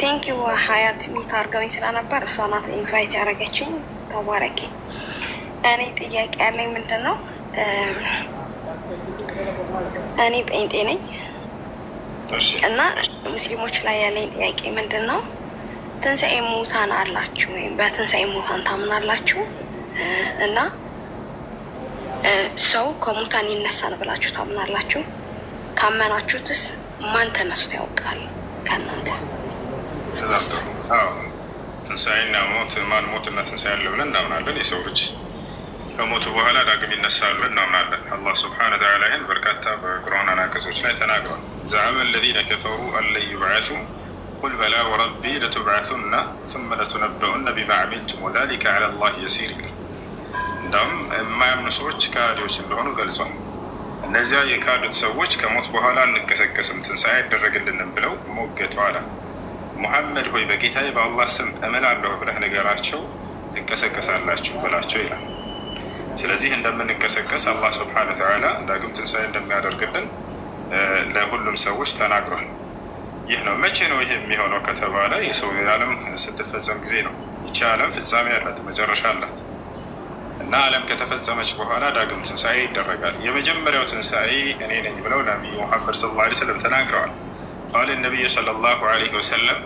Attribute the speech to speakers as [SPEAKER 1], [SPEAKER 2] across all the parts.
[SPEAKER 1] ቴንክ ዩ ሀያት ሚት አድርገውኝ ስለነበር እሷ ናት ኢንቫይት ያደረገችኝ። ተባረኪ። እኔ ጥያቄ ያለኝ ምንድን ነው፣ እኔ ጴንጤ ነኝ እና ሙስሊሞች ላይ ያለኝ ጥያቄ ምንድን ነው፣ ትንሣኤ ሙታን አላችሁ ወይም በትንሣኤ ሙታን ታምናላችሁ? እና ሰው ከሙታን ይነሳል ብላችሁ ታምናላችሁ? ካመናችሁትስ ማን ተነስቶ ያውቃል ከእናንተ?
[SPEAKER 2] ተዛምጠው ትንሣኤና ሞት ማን ሞትና ትንሣኤ አለ ብለን እናምናለን። የሰው ልጅ ከሞቱ በኋላ ዳግም ይነሳሉ ብለን እናምናለን። አላህ ስብሐነ ወተዓላ ይህን በርካታ በቁርአን አናቀጾች ላይ ተናግሯል። ዘዐመ አለዚነ ከፈሩ አለን ዩብዐሱ ቁል በላ ወረቢ ለቱብዐሱና ሱመ ለቱነበኡነ ቢማ ዐሚልቱም ወዛሊከ ዐላ ላህ የሲር ይላል። እንዳውም የማያምኑ ሰዎች ከሃዲዎች እንደሆኑ ገልጿል። እነዚያ የካዱት ሰዎች ከሞት በኋላ አንቀሰቀስም ትንሣኤ አይደረግልንም ብለው ሞገቷል። ሙሐመድ ሆይ በጌታዬ በአላህ ስም እምላለሁ ብለህ ንገራቸው ትንቀሰቀሳላችሁ ብላቸው ይላል። ስለዚህ እንደምንቀሰቀስ አላህ ስብሐነ ወተዓላ ዳግም ትንሣኤ እንደሚያደርግልን ለሁሉም ሰዎች ተናግሯል። ይህ ነው። መቼ ነው ይህ የሚሆነው ከተባለ የሰው ዓለም ስትፈጸም ጊዜ ነው። ይቺ ዓለም ፍጻሜ አላት፣ መጨረሻ አላት እና ዓለም ከተፈጸመች በኋላ ዳግም ትንሣኤ ይደረጋል። የመጀመሪያው ትንሣኤ እኔ ነኝ ብለው ነቢዩ ሙሐመድ ሰለላሁ ዓለይሂ ወሰለም ተናግረዋል። ቃል ነቢዩ ሰለላሁ ዓለይሂ ወሰለም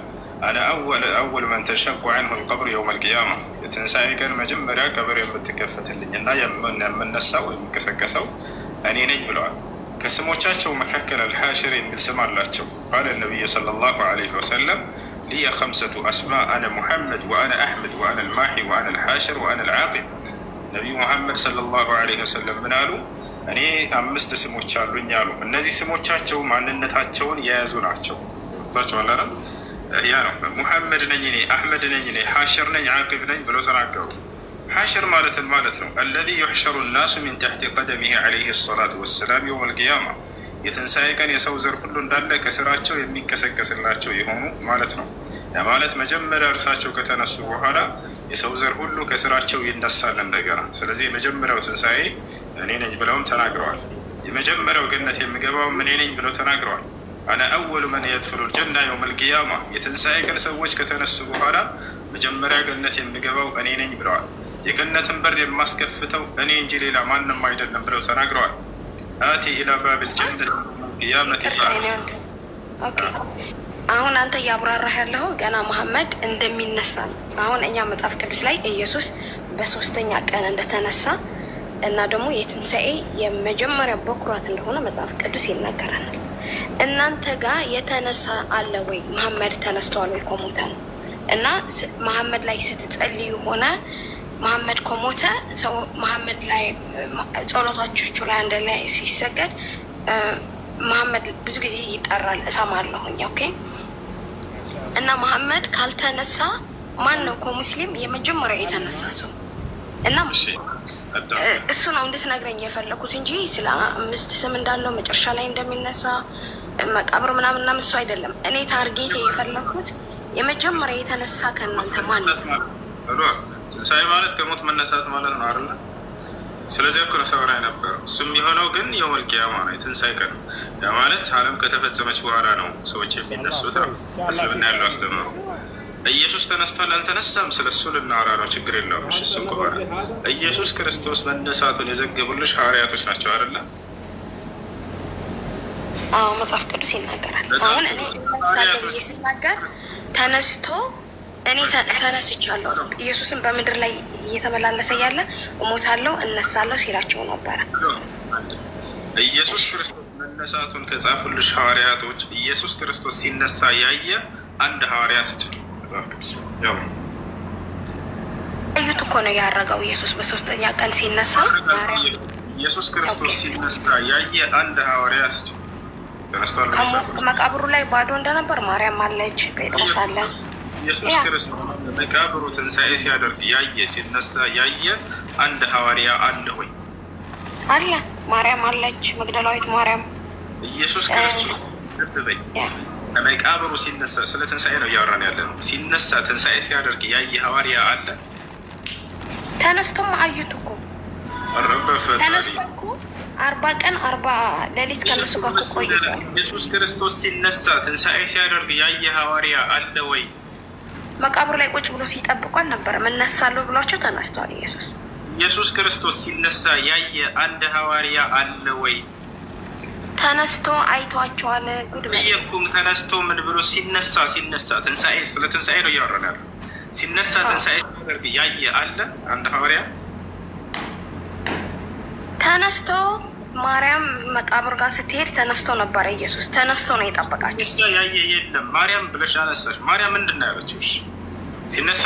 [SPEAKER 2] أنا اول اول من تشق عنه القبر يوم القيامه يتنسى كان مجمرا قبر يوم التكفت لنا يمن من السو كسكسو اني نجبلوا كسمو تشاشو مكاكل الحاشر من سمار لاتشو قال النبي صلى الله عليه وسلم لي خمسة أسماء أنا محمد وأنا أحمد وأنا الماحي وأنا الحاشر وأنا العاقب نبي محمد صلى الله عليه وسلم منالو أني أمست سمو تشالو نيالو النزي سمو تشاشو معنى النتاتشون يازون عتشو تشاشو ያ ነው ሙሐመድ ነኝ እኔ አህመድ ነኝ እኔ ሓሽር ነኝ ዓቂብ ነኝ ብሎ ተናገሩ። ሓሽር ማለትን ማለት ነው አለዚ ዩሕሸሩ ናሱ ሚን ተሕቲ ቀደሚሂ ዓለይሂ ሰላቱ ወሰላም የውም ልቅያማ የትንሣኤ ቀን የሰው ዘር ሁሉ እንዳለ ከስራቸው የሚቀሰቀስላቸው የሆኑ ማለት ነው። ማለት መጀመሪያ እርሳቸው ከተነሱ በኋላ የሰው ዘር ሁሉ ከስራቸው ይነሳል እንደገና። ስለዚህ የመጀመሪያው ትንሣኤ እኔ ነኝ ብለውም ተናግረዋል። የመጀመሪያው ገነት የሚገባውም እኔ ነኝ ብለው ተናግረዋል። አነ አወሉ መን የድክሉል ጀና የውመል ቂያማ የትንሣኤ ቀን ሰዎች ከተነሱ በኋላ መጀመሪያ ገነት የሚገባው እኔ ነኝ ብለዋል። የገነትን በር የማስከፍተው እኔ እንጂ ሌላ ማንም አይደለም ብለው ተናግረዋል። አቲ ኢላ ባብል ጀነት ያመት
[SPEAKER 1] አሁን አንተ እያብራራህ ያለው ገና መሐመድ እንደሚነሳ ነው። አሁን እኛ መጽሐፍ ቅዱስ ላይ ኢየሱስ በሶስተኛ ቀን እንደተነሳ እና ደግሞ የትንሣኤ የመጀመሪያ በኩራት እንደሆነ መጽሐፍ ቅዱስ ይናገረናል። እናንተ ጋር የተነሳ አለ ወይ? መሐመድ ተነስተዋል ወይ ከሞተ ነው። እና መሐመድ ላይ ስትጸልዩ ሆነ መሐመድ ከሞተ ሰው መሐመድ ላይ ጸሎታችሁ ላይ አንድ ላይ ሲሰገድ መሐመድ ብዙ ጊዜ ይጠራል፣ እሰማለሁኝ። ኦኬ። እና መሐመድ ካልተነሳ ማን ነው ከሙስሊም የመጀመሪያ የተነሳ ሰው እና እሱ ነው እንድትነግረኝ የፈለኩት እንጂ ስለ አምስት ስም እንዳለው መጨረሻ ላይ እንደሚነሳ መቃብር ምናምን ምናምን እሱ አይደለም። እኔ ታርጌት የፈለኩት የመጀመሪያ የተነሳ ከእናንተ ማን ነው?
[SPEAKER 2] ትንሳኤ ማለት ከሞት መነሳት ማለት ነው አይደለ? ስለዚህ እኮ ነው ሰበራ ነበረው። እሱም የሆነው ግን የውመል ቂያማ ነው፣ የትንሳኤ ቀን ነው። ያ ማለት ዓለም ከተፈጸመች በኋላ ነው ሰዎች የሚነሱት ነው እስልምና ያለው አስተምሮ ኢየሱስ ተነስቷል አልተነሳም፣ ስለ እሱ ልናወራ ነው። ችግር የለውም። እሱም ከሆነ ኢየሱስ ክርስቶስ መነሳቱን የዘገቡልሽ ሐዋርያቶች ናቸው አይደለ?
[SPEAKER 1] አዎ መጽሐፍ ቅዱስ ይናገራል። አሁን እኔ ብዬ ስናገር ተነስቶ እኔ ተነስቻለሁ ኢየሱስን በምድር ላይ እየተመላለሰ ያለ እሞታለሁ እነሳለሁ ሲላቸው ነበረ።
[SPEAKER 2] ኢየሱስ ክርስቶስ መነሳቱን ከጻፉልሽ ሐዋርያቶች ኢየሱስ ክርስቶስ ሲነሳ ያየ አንድ ሐዋርያ ስችል መጽሐፍ ቅዱስ ያምኑ
[SPEAKER 1] እዩት እኮ ነው ያረገው ኢየሱስ በሶስተኛ ቀን ሲነሳ
[SPEAKER 2] ኢየሱስ ክርስቶስ ሲነሳ ያየ አንድ ሐዋርያ ስ
[SPEAKER 1] ከሞት መቃብሩ ላይ ባዶ እንደነበር ማርያም አለች፣ ጴጥሮስ አለ።
[SPEAKER 2] ኢየሱስ ክርስቶስ መቃብሩ ትንሣኤ ሲያደርግ ያየ ሲነሳ ያየ አንድ ሐዋርያ አለ ወይ?
[SPEAKER 1] አለ። ማርያም አለች፣ መግደላዊት ማርያም
[SPEAKER 2] ኢየሱስ ክርስቶስ ልብ በይ መቃብሩ ሲነሳ ስለ ትንሳኤ ነው እያወራን ያለ ነው። ሲነሳ ትንሣኤ ሲያደርግ ያየ ሐዋርያ አለ።
[SPEAKER 1] ተነስቶም አዩት እኮ ተነስቶ እኮ አርባ ቀን አርባ ሌሊት ከነሱ ጋር ቆይቷል።
[SPEAKER 2] ኢየሱስ ክርስቶስ ሲነሳ ትንሳኤ ሲያደርግ ያየ ሐዋርያ አለ ወይ?
[SPEAKER 1] መቃብሩ ላይ ቁጭ ብሎ ሲጠብቁ አልነበረም። እነሳለሁ ብሏቸው ተነስተዋል። ኢየሱስ
[SPEAKER 2] ኢየሱስ ክርስቶስ ሲነሳ ያየ አንድ ሐዋርያ አለ ወይ?
[SPEAKER 1] ተነስቶ አይቷቸዋል።
[SPEAKER 2] ጉድበኩም ተነስቶ ምን ብሎ ሲነሳ ሲነሳ ትንሳኤ ስለ ትንሳኤ ነው ያለ ሲነሳ ትንሳኤ ያየ አለ አንድ ሐዋርያ
[SPEAKER 1] ተነስቶ ማርያም መቃብር ጋር ስትሄድ ተነስቶ ነበረ። ኢየሱስ ተነስቶ ነው የጠበቃቸው።
[SPEAKER 2] ያየ የለም ማርያም ብለሽ አነሳሽ። ማርያም ምንድን ነው ያለችው? ሲነሳ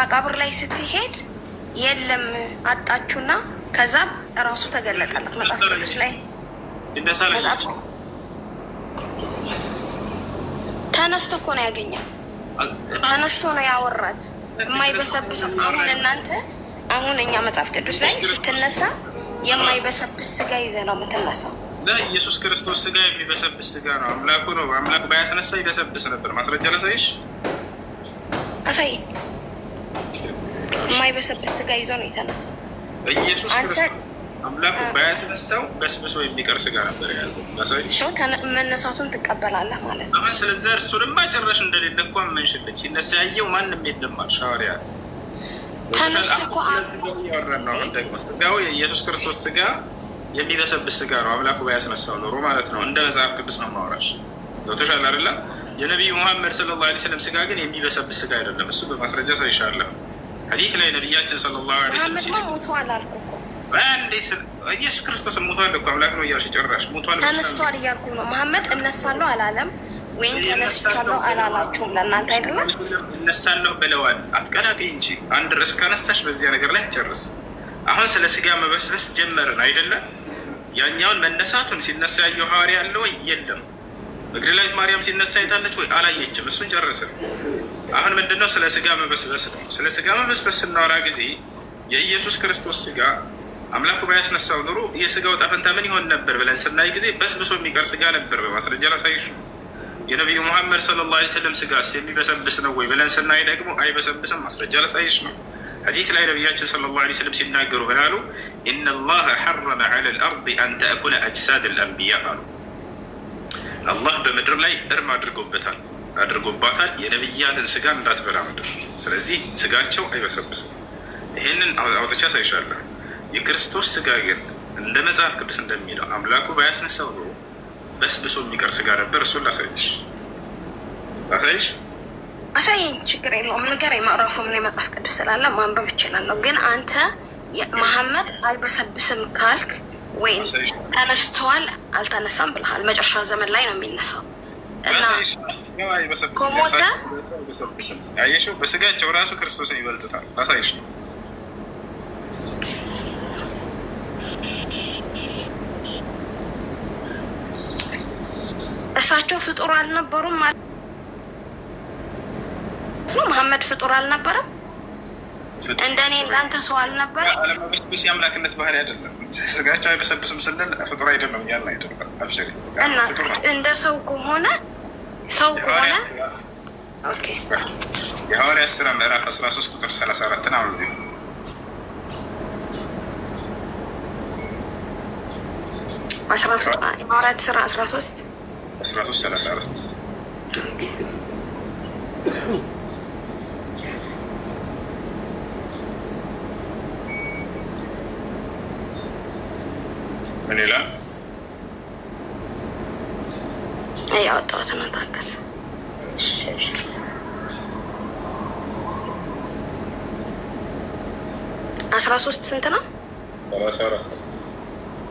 [SPEAKER 1] መቃብር ላይ ስትሄድ የለም አጣችሁና፣ ከዛ እራሱ ተገለጠላት መጽሐፍ ቅዱስ ላይ
[SPEAKER 2] ተነስቶ
[SPEAKER 1] እኮ ነው ያገኛት። ተነስቶ ነው ያወራት። የማይበሰብስ አሁን እናንተ አሁን እኛ መጽሐፍ ቅዱስ ላይ ስትነሳ የማይበሰብስ ስጋ ይዘ ነው የምትነሳው።
[SPEAKER 2] ኢየሱስ ክርስቶስ ስጋ የሚበሰብስ ስጋ ነው። አምላኩ ነው። አምላክ ባያስነሳ ይበሰብስ ነበር። ማስረጃ ላሳይሽ፣
[SPEAKER 1] አሳይ። የማይበሰብስ ስጋ ይዞ ነው የተነሳው
[SPEAKER 2] ኢየሱስ ክርስቶስ አምላኩ ባያስነሳው በስብሶ የሚቀር ስጋ ነበር የያዘው።
[SPEAKER 1] መነሳቱን ትቀበላለህ ማለት
[SPEAKER 2] ነው። አሁን ስለዚ እርሱንማ ጭራሽ እንደሌለ እኮ መንሽለች ሲነሳ ያየው ማንም የለም አልሽ። ሐዋርያ ስጋው የኢየሱስ ክርስቶስ ስጋ የሚበሰብስ ስጋ ነው። አምላኩ ባያስነሳው ኖሮ ማለት ነው። እንደ መጽሐፍ ቅዱስ ነው ማውራሽ ገብቶሻል አይደለ? የነቢዩ መሐመድ ሰለላሁ ዐለይሂ ወሰለም ስጋ ግን የሚበሰብስ ስጋ አይደለም። እሱ በማስረጃ ሳይሻለም ሐዲስ ላይ ነቢያችን ሰለላሁ
[SPEAKER 1] ዐለይሂ ወሰለም
[SPEAKER 2] ኢየሱስ ክርስቶስ ሞቷል እኮ አምላክ ነው እያልሽ ጨራሽ
[SPEAKER 1] ሞቷል ተነስቷል እያልኩ ነው። መሐመድ እነሳለሁ አላለም ወይም ተነስቻለሁ አላላችሁም። ለእናንተ አይደለም
[SPEAKER 2] እነሳለሁ ብለዋል። አትቀላቀይ እንጂ አንድ ርዕስ ከነሳሽ በዚያ ነገር ላይ ጨርስ። አሁን ስለ ስጋ መበስበስ ጀመርን አይደለም? ያኛውን መነሳቱን ሲነሳ ያየው ሐዋርያ ያለ ወይ የለም? መግደላዊት ማርያም ሲነሳ አይታለች ወይ አላየችም? እሱን ጨረስን። አሁን ምንድነው? ስለ ስጋ መበስበስ ነው። ስለ ስጋ መበስበስ ስናወራ ጊዜ የኢየሱስ ክርስቶስ ስጋ አምላኩ ባያስነሳው ኑሮ የስጋው ጣፈንታ ምን ይሆን ነበር ብለን ስናይ ጊዜ በስብሶ የሚቀር ስጋ ነበር። በማስረጃ ላሳይሽ። የነቢዩ ሙሐመድ ሰለላሁ ዓለይሂ ወሰለም ስጋስ የሚበሰብስ ነው ወይ ብለን ስናይ ደግሞ አይበሰብስም። ማስረጃ ላሳይሽ ነው። ሐዲስ ላይ ነቢያችን ሰለላሁ ዓለይሂ ወሰለም ሲናገሩ ምናሉ? ኢነላህ ሐረመ ዐለል አርድ አን ተእኩለ አጅሳደል አንቢያ አሉ። አላህ በምድር ላይ እርም አድርጎበታል አድርጎባታል የነቢያትን ስጋ እንዳትበላ ምድር። ስለዚህ ስጋቸው አይበሰብስም። ይህንን አውጥቻ ሳይሻለሁ የክርስቶስ ስጋ ግን እንደ መጽሐፍ ቅዱስ እንደሚለው አምላኩ ባያስነሳው ኖሮ በስብሶ የሚቀር ስጋ ነበር። እሱን ላሳይሽ ላሳይሽ
[SPEAKER 1] አሳይኝ፣ ችግር የለውም ንገረኝ። ማዕራፉ ምን መጽሐፍ ቅዱስ ስላለ ማንበብ እችላለሁ። ግን አንተ መሐመድ አይበሰብስም ካልክ ወይም ተነስተዋል አልተነሳም ብለሃል። መጨረሻ ዘመን ላይ ነው የሚነሳው እና ከሞተ
[SPEAKER 2] በስጋቸው ራሱ ክርስቶስን ይበልጥታል። አሳይሽ ነው
[SPEAKER 1] እሳቸው ፍጡር አልነበሩም ማለት ነው። መሐመድ ፍጡር አልነበረም፣ እንደኔ ለአንተ ሰው አልነበረም።
[SPEAKER 2] አለመበስበስ የአምላክነት ባህሪ አይደለም። ስጋቸው አይበሰብስም ስንል ፍጡር አይደለም ያለ አይደለም።
[SPEAKER 1] እና እንደ ሰው ከሆነ ሰው ከሆነ
[SPEAKER 2] የሐዋርያት ስራ ምዕራፍ አስራ ሶስት ቁጥር ሰላሳ አራትን አሉ
[SPEAKER 1] የሐዋርያት ስራ አስራ ሶስት
[SPEAKER 2] 13 34 ምን ይላል?
[SPEAKER 1] ያወጣሁት ነው። አስራ ሶስት ስንት ነው? ሰላሳ አራት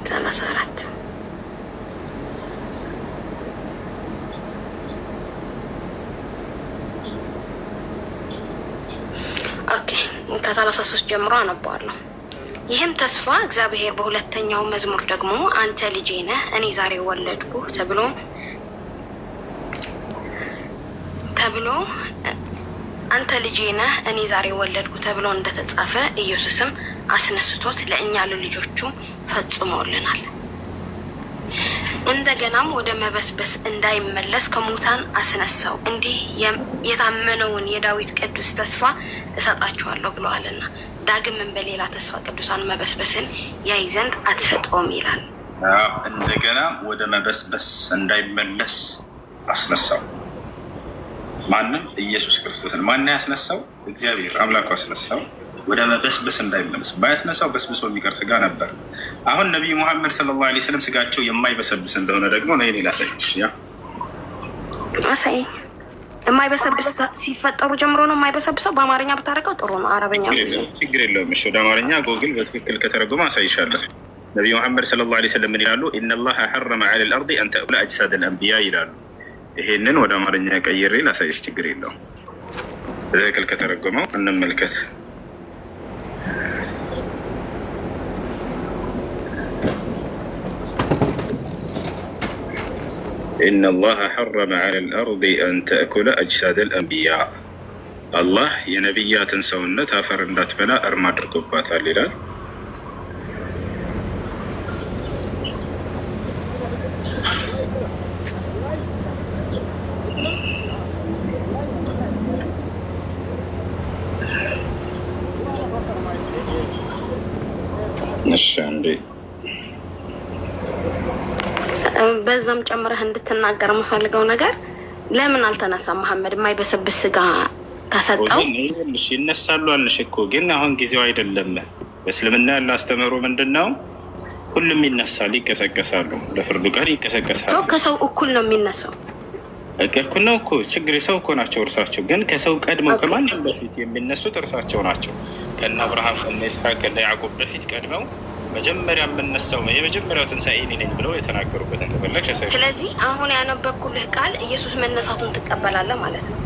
[SPEAKER 1] ሰላሳ አራት ኦኬ ከሰላሳ ሶስት ጀምሮ አነባዋለሁ። ይህም ተስፋ እግዚአብሔር በሁለተኛው መዝሙር ደግሞ አንተ ልጄ ነህ እኔ ዛሬ ወለድኩ ተብሎ ተብሎ አንተ ልጄ ነህ እኔ ዛሬ ወለድኩ ተብሎ እንደተጻፈ ኢየሱስም አስነስቶት ለእኛ ለልጆቹ ፈጽሞልናል። እንደገናም ወደ መበስበስ እንዳይመለስ ከሙታን አስነሳው፣ እንዲህ የታመነውን የዳዊት ቅዱስ ተስፋ እሰጣችኋለሁ ብለዋልና ዳግምን በሌላ ተስፋ ቅዱሳን መበስበስን ያይ ዘንድ አትሰጠውም ይላል።
[SPEAKER 2] እንደገና ወደ መበስበስ እንዳይመለስ አስነሳው። ማንም ኢየሱስ ክርስቶስን ማን ያስነሳው? እግዚአብሔር አምላኩ አስነሳው። ወደ መበስበስ እንዳይመለስ ባያስነሳው በስብሶ የሚቀር ስጋ ነበር። አሁን ነቢይ ሙሐመድ ሰለላሁ ዓለይሂ ወሰለም ስጋቸው የማይበሰብስ እንደሆነ ደግሞ ነው ሌላ
[SPEAKER 1] አሳይ የማይበሰብስ ሲፈጠሩ ጀምሮ ነው የማይበሰብሰው። በአማርኛ ብታደርገው ጥሩ ነው። አረበኛ
[SPEAKER 2] ችግር የለውም። እሺ፣ ወደ አማርኛ ጎግል በትክክል ከተረጎመ አሳይሻለሁ። ነቢዩ ሙሐመድ ሰለላሁ ዓለይሂ ወሰለም ይላሉ፣ ኢነላህ ሐረመ ዐለል አርዲ አን ተእኩለ አጅሳደል አንቢያ ይላሉ። ይሄንን ወደ አማርኛ ቀይሬ ላሳይሽ፣ ችግር የለውም። በትክክል ከተረጎመው እንመልከት። إن الله حرم على الأرض أن تأكل أجساد الأنبياء الله يا نبيات سونا تافر لا تبلا أرما تركب باتالي Shandy.
[SPEAKER 1] በዛም ጨምረህ እንድትናገር የምፈልገው ነገር ለምን አልተነሳ መሐመድ? የማይበሰብስ ስጋ ከሰጠው ይነሳሉ አልሽ እኮ ግን አሁን ጊዜው አይደለም። በእስልምና ያለ አስተምህሮ ምንድን ነው? ሁሉም ይነሳል፣ ይቀሰቀሳሉ። ለፍርዱ ጋር ይቀሰቀሳሉ። ሰው ከሰው እኩል ነው የሚነሳው። እኩል ነው እኮ ችግር ሰው እኮ ናቸው። እርሳቸው ግን ከሰው ቀድመው ከማንም በፊት የሚነሱት እርሳቸው ናቸው። ከና አብርሃም ከነ ይስሐቅ ከነ ያዕቆብ በፊት ቀድመው መጀመሪያ የምነሳው የመጀመሪያው ትንሣኤ እኔ ነኝ ብለው የተናገሩበትን ከፈለግሽ። ስለዚህ አሁን ያነበብኩልህ ቃል ኢየሱስ መነሳቱን ትቀበላለህ ማለት ነው።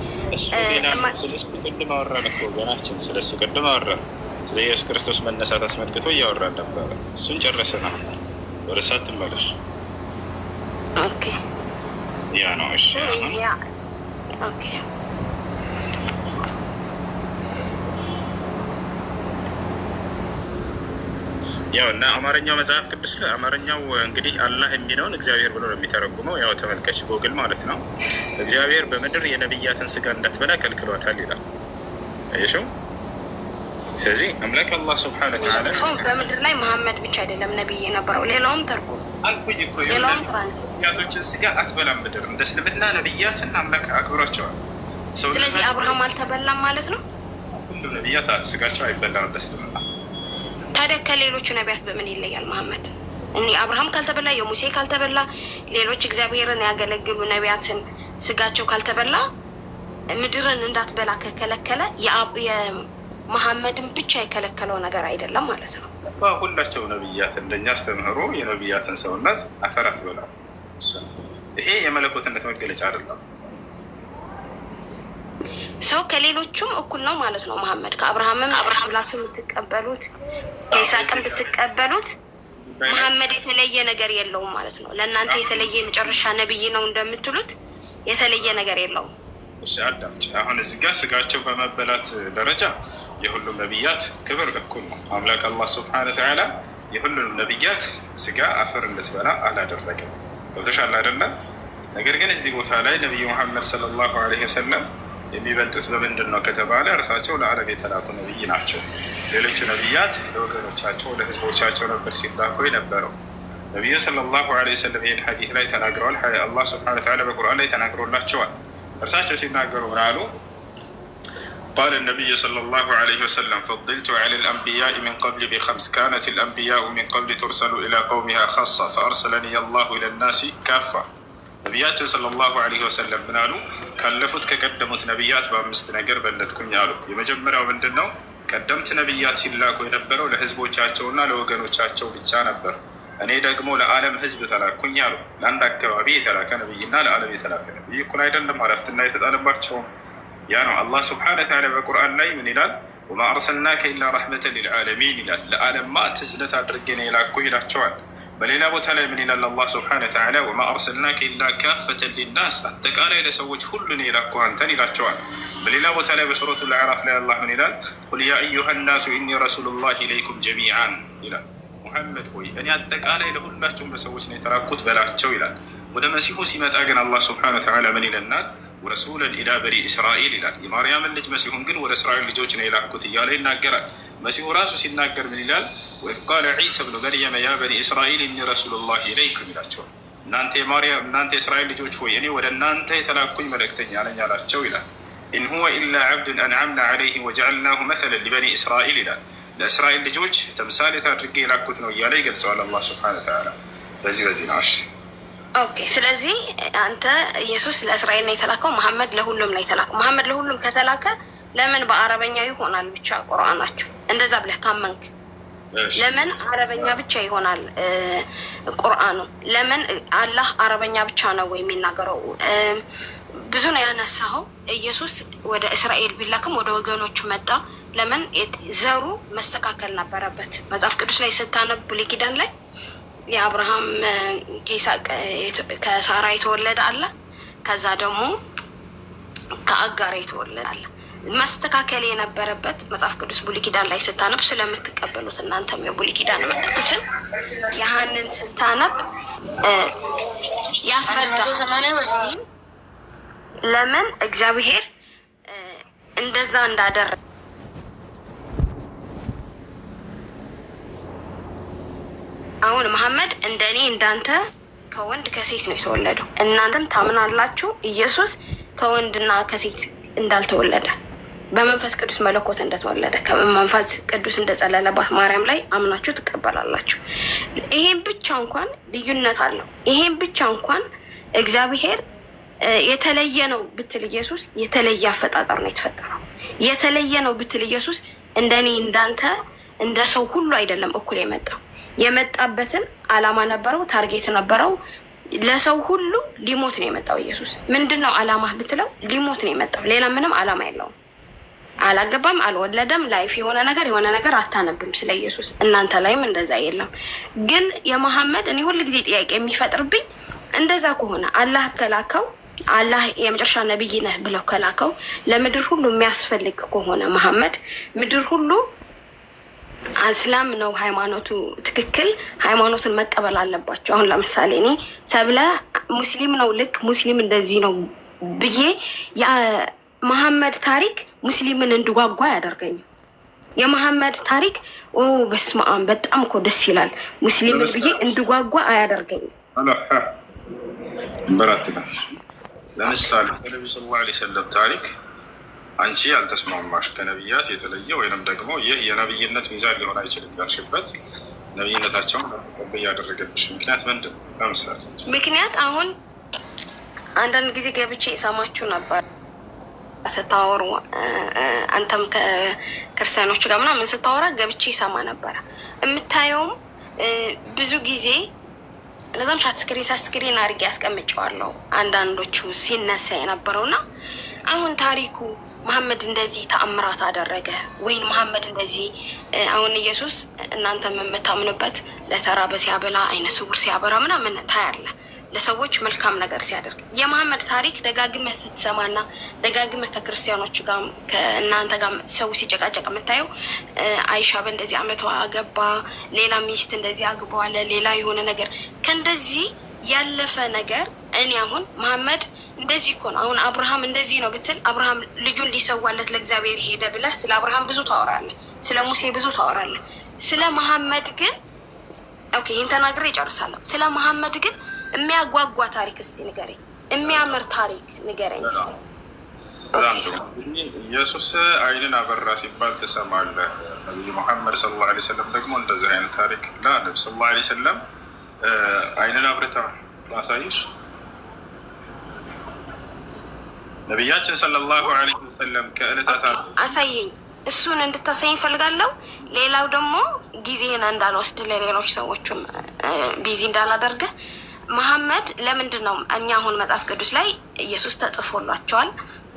[SPEAKER 2] ስለሱ ቅድም አወራን እኮ ወገናችን፣ ስለሱ ቅድም አወራን። ስለ ኢየሱስ ክርስቶስ መነሳት አስመልክቶ እያወራን ነበረ። እሱን ጨረስን። ወደ እሳት ትመለሱ።
[SPEAKER 1] ያ ነው እሺ። ኦኬ
[SPEAKER 2] ያው እና አማርኛው መጽሐፍ ቅዱስ ላይ አማርኛው እንግዲህ አላህ የሚለውን እግዚአብሔር ብሎ ነው የሚተረጉመው። ያው ተመልከች ጎግል ማለት ነው። እግዚአብሔር በምድር የነቢያትን ስጋ እንዳትበላ ከልክሏታል ይላል። አየሽው? ስለዚህ አምላክ አላህ ስብሐነ
[SPEAKER 1] ወተዓላ በምድር ላይ መሐመድ ብቻ አይደለም ነቢይ የነበረው ሌላውም ተርጉም አልኩኝ እኮ ሌላውም ነቢያቶችን
[SPEAKER 2] ስጋ አትበላም ምድር። እንደ እስልምና ነቢያትን አምላክ አክብሯቸዋል።
[SPEAKER 1] ስለዚህ አብርሃም አልተበላም ማለት ነው።
[SPEAKER 2] ሁሉም ነቢያት ስጋቸው አይበላም እንደ እስልምና
[SPEAKER 1] ታዲያ ከሌሎቹ ነቢያት በምን ይለያል መሐመድ? እኒ አብርሃም ካልተበላ የሙሴ ካልተበላ ሌሎች እግዚአብሔርን ያገለግሉ ነቢያትን ስጋቸው ካልተበላ ምድርን እንዳትበላ ከከለከለ የመሐመድን ብቻ የከለከለው ነገር አይደለም ማለት
[SPEAKER 2] ነው። ሁላቸው ነብያት እንደኛ አስተምህሮ የነብያትን ሰውነት አፈራት በላ ይሄ የመለኮትነት መገለጫ አይደለም።
[SPEAKER 1] ሰው ከሌሎቹም እኩል ነው ማለት ነው። መሐመድ ከአብርሃምም አብርሃም የምትቀበሉት ከይስሐቅም ብትቀበሉት መሐመድ የተለየ ነገር የለውም ማለት ነው። ለእናንተ የተለየ የመጨረሻ ነብይ ነው እንደምትሉት የተለየ ነገር የለውም።
[SPEAKER 2] እሺ አዳምጪ። አሁን እዚህ ጋር ስጋቸው በመበላት ደረጃ የሁሉም ነብያት ክብር እኩል ነው። አምላክ አላህ ስብሐነ ተዓላ የሁሉንም ነብያት ስጋ አፈር እንድትበላ አላደረገም። ገብተሻል አይደለም? ነገር ግን እዚህ ቦታ ላይ ነቢዩ መሐመድ ሰለላሁ ዐለይሂ ወሰለም የሚበልጡት በምንድን ነው ከተባለ እርሳቸው ለዓለም የተላኩ ነብይ ናቸው። ሌሎቹ ነቢያት ለወገኖቻቸው ለህዝቦቻቸው ነበር ሲላኩ የነበረው። ነቢዩ ሰለላሁ ዐለይሂ ወሰለም ይህን ሐዲስ ላይ ተናግረዋል። አላህ ስብሐነ ወተዓላ በቁርአን ላይ ተናግሮላቸዋል። እርሳቸው ሲናገሩ ምን አሉ? ቃለ ነቢዩ ሰለላሁ ዐለይሂ ወሰለም ፈድልቱ ዐለል አንቢያኢ ሚን ቀብሊ ቢኸምስ ካነት አልአንቢያኡ ሚን ቀብሊ ቱርሰሉ ኢላ ቀውሚሃ ኸሳ ፈአርሰለኒ አላሁ ኢለናሲ ካፋ ነቢያችን ሰለላሁ ዐለይሂ ወሰለም ምን አሉ? ካለፉት ከቀደሙት ነቢያት በአምስት ነገር በለጥኩኝ አሉ። የመጀመሪያው ምንድን ነው? ቀደምት ነቢያት ሲላኩ የነበረው ለህዝቦቻቸውና ለወገኖቻቸው ብቻ ነበር። እኔ ደግሞ ለዓለም ህዝብ ተላኩኝ አሉ። ለአንድ አካባቢ የተላከ ነብይና ለዓለም የተላከ ነብይ እኩል አይደለም፣ አረፍትና የተጣለባቸውም ያ ነው። አላህ ስብሐነ ተዓላ በቁርአን ላይ ምን ይላል? ወማ አርሰልናከ ኢላ ረሕመተን ሊልዓለሚን ይላል። ለዓለም ማ ትዝነት አድርጌ ነው የላኩ ይላቸዋል። በሌላ ቦታ ላይ ምን ይላል አላህ ስብሐነ ወተዓላ ወማ አርሰልናከ ኢላ ካፈተን ሊናስ አጠቃላይ ለሰዎች ሁሉን የላኩ አንተን ይላቸዋል። በሌላ ቦታ ላይ በሱረቱ ልአዕራፍ ላይ አላህ ምን ይላል? ቁል ያ አዩሃ ናሱ ኢኒ ረሱሉላህ ኢለይኩም ጀሚዓን ይላል። ሙሐመድ ሆይ እኔ አጠቃላይ ለሁላቸውም ለሰዎች ነው የተላኩት በላቸው ይላል። ወደ መሲሁ ሲመጣ ግን አላህ ስብሐነ ወተዓላ ምን ይለናል? ወረሱለን ኢላ በኒ እስራኤል ይላል። የማርያምን ልጅ መሲሁን ግን ወደ እስራኤል ልጆች ነው የላኩት እያለ ይናገራል። መሲሁ ራሱ ሲናገር ምን ይላል? ወኢዝ ቃለ ዒሳ ብኑ መርየመ ያ በኒ እስራኤል ኢኒ ረሱሉላሂ ኢለይኩም ይላቸዋል። እናንተ የማርያም እናንተ የእስራኤል ልጆች ሆይ እኔ ወደ እናንተ የተላኩኝ መልእክተኛ ነኝ አላቸው ይላል። ኢን ሁወ ኢላ ዓብዱን አንዓምና ዐለይህ ወጀዐልናሁ መሰለን ሊበኒ እስራኤል ይላል። ለእስራኤል ልጆች ተምሳሌት አድርጌ የላኩት ነው እያለ ይገልጸዋል አላህ ሱብሓነሁ ወተዓላ በዚህ በዚህ ነው
[SPEAKER 1] ኦኬ ስለዚህ አንተ ኢየሱስ ለእስራኤል ነው የተላከው፣ መሐመድ ለሁሉም ነው የተላከው። መሐመድ ለሁሉም ከተላከ ለምን በአረበኛ ይሆናል ብቻ ቁርአናቸው? እንደዛ ብለህ ካመንክ ለምን አረበኛ ብቻ ይሆናል ቁርአኑ? ለምን አላህ አረበኛ ብቻ ነው ወይ የሚናገረው? ብዙ ነው ያነሳኸው። ኢየሱስ ወደ እስራኤል ቢላክም ወደ ወገኖቹ መጣ። ለምን ዘሩ መስተካከል ነበረበት? መጽሐፍ ቅዱስ ላይ ስታነብ ብሉይ ኪዳን ላይ የአብርሃም ከሳራ የተወለደ አለ። ከዛ ደግሞ ከአጋር የተወለደ አለ። መስተካከል የነበረበት መጽሐፍ ቅዱስ ብሉይ ኪዳን ላይ ስታነብ ስለምትቀበሉት እናንተም የብሉይ ኪዳን ያህንን ስታነብ ያስረዳ ለምን እግዚአብሔር እንደዛ እንዳደረ? አሁን መሐመድ እንደ እኔ እንዳንተ ከወንድ ከሴት ነው የተወለደው። እናንተም ታምናላችሁ ኢየሱስ ከወንድና ከሴት እንዳልተወለደ በመንፈስ ቅዱስ መለኮት እንደተወለደ መንፈስ ቅዱስ እንደጸለለባት ማርያም ላይ አምናችሁ ትቀበላላችሁ። ይሄን ብቻ እንኳን ልዩነት አለው። ይሄን ብቻ እንኳን እግዚአብሔር የተለየ ነው ብትል ኢየሱስ የተለየ አፈጣጠር ነው የተፈጠረው። የተለየ ነው ብትል ኢየሱስ እንደኔ እንዳንተ እንደ ሰው ሁሉ አይደለም እኩል የመጣው የመጣበትን አላማ ነበረው፣ ታርጌት ነበረው። ለሰው ሁሉ ሊሞት ነው የመጣው ኢየሱስ። ምንድን ነው አላማ ብትለው ሊሞት ነው የመጣው። ሌላ ምንም አላማ የለውም። አላገባም፣ አልወለደም። ላይፍ የሆነ ነገር የሆነ ነገር አታነብም ስለ ኢየሱስ። እናንተ ላይም እንደዛ የለም። ግን የመሐመድ እኔ ሁልጊዜ ጥያቄ የሚፈጥርብኝ እንደዛ ከሆነ አላህ ከላከው አላህ የመጨረሻ ነቢይ ነህ ብለው ከላከው ለምድር ሁሉ የሚያስፈልግ ከሆነ መሐመድ ምድር ሁሉ እስላም ነው ሃይማኖቱ። ትክክል ሃይማኖትን መቀበል አለባቸው። አሁን ለምሳሌ እኔ ሰብለ ሙስሊም ነው ልክ ሙስሊም እንደዚህ ነው ብዬ የመሐመድ ታሪክ ሙስሊምን እንድጓጓ ያደርገኝ የመሐመድ ታሪክ በስማም በስመ አብ በጣም እኮ ደስ ይላል ሙስሊምን ብዬ እንድጓጓ አያደርገኝም።
[SPEAKER 2] ለምሳሌ ነቢ ስ ላ ሰለም ታሪክ አንቺ ያልተስማማሽ ከነብያት የተለየ ወይንም ደግሞ ይህ የነብይነት ሚዛን ሊሆን አይችልም ያልሽበት ነቢይነታቸውን እያደረገብሽ ምክንያት ምንድን
[SPEAKER 1] ነው? ለምሳሌ ምክንያት አሁን አንዳንድ ጊዜ ገብቼ የሰማችሁ ነበር ስታወሩ፣ አንተም ከክርስቲያኖች ጋር ምናምን ስታወራ ገብቼ ይሰማ ነበረ። የምታየውም ብዙ ጊዜ ለዛም ሻት ስክሪን ሻት ስክሪን አድርጌ ያስቀምጨዋለሁ አንዳንዶቹ ሲነሳ የነበረውእና አሁን ታሪኩ መሐመድ እንደዚህ ተአምራት አደረገ ወይን መሐመድ እንደዚህ አሁን ኢየሱስ እናንተ የምታምንበት ለተራበ ሲያበላ፣ አይነ ስውር ሲያበራ ምናምን ታያለ ለሰዎች መልካም ነገር ሲያደርግ የመሐመድ ታሪክ ደጋግመ ስትሰማና ደጋግመ ከክርስቲያኖች ጋር ከእናንተ ጋር ሰው ሲጨቃጨቅ የምታየው አይሻ በእንደዚህ አመቷ አገባ፣ ሌላ ሚስት እንደዚህ አግበዋለ ሌላ የሆነ ነገር ከእንደዚህ ያለፈ ነገር እኔ አሁን መሐመድ እንደዚህ እኮ ነው አሁን አብርሃም እንደዚህ ነው ብትል አብርሃም ልጁን ሊሰዋለት ለእግዚአብሔር ሄደ ብለህ ስለ አብርሃም ብዙ ታወራለህ፣ ስለ ሙሴ ብዙ ታወራለህ። ስለ መሐመድ ግን ኦኬ፣ ይህን ተናግሬ እጨርሳለሁ። ስለ መሐመድ ግን የሚያጓጓ ታሪክ እስቲ ንገረኝ፣ የሚያምር ታሪክ ንገረኝ እስቲ።
[SPEAKER 2] ኢየሱስ አይንን አበራ ሲባል ትሰማለህ። ነቢዩ መሐመድ ሰለላሁ ዓለይሂ ወሰለም ደግሞ እንደዚህ አይነት ታሪክ ላ ነቢ ሰለላሁ ዓለይሂ ወሰለም አይንን አብርተዋል። ላሳይሽ ነቢያችን ሰለላሁ ዐለይሂ ወሰለም ከእለታት
[SPEAKER 1] አሳየኝ፣ እሱን እንድታሳየኝ ፈልጋለሁ። ሌላው ደግሞ ጊዜህን እንዳልወስድ ለሌሎች ሰዎችም ቢዚ እንዳላደርገ መሐመድ ለምንድን ነው እኛ አሁን መጽሐፍ ቅዱስ ላይ ኢየሱስ ተጽፎላቸዋል፣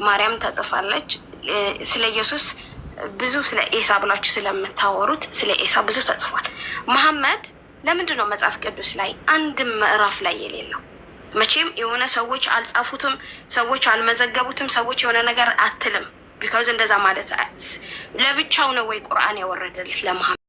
[SPEAKER 1] ማርያም ተጽፋለች። ስለ ኢየሱስ ብዙ ስለ ኤሳ ብላችሁ ስለምታወሩት ስለ ኤሳ ብዙ ተጽፏል። መሐመድ ለምንድን ነው መጽሐፍ ቅዱስ ላይ አንድ ምዕራፍ ላይ የሌለው? መቼም የሆነ ሰዎች አልጻፉትም፣ ሰዎች አልመዘገቡትም፣ ሰዎች የሆነ ነገር አትልም። ቢካዝ እንደዛ ማለት ለብቻው ነው ወይ ቁርአን ያወረደልህ ለመሀመድ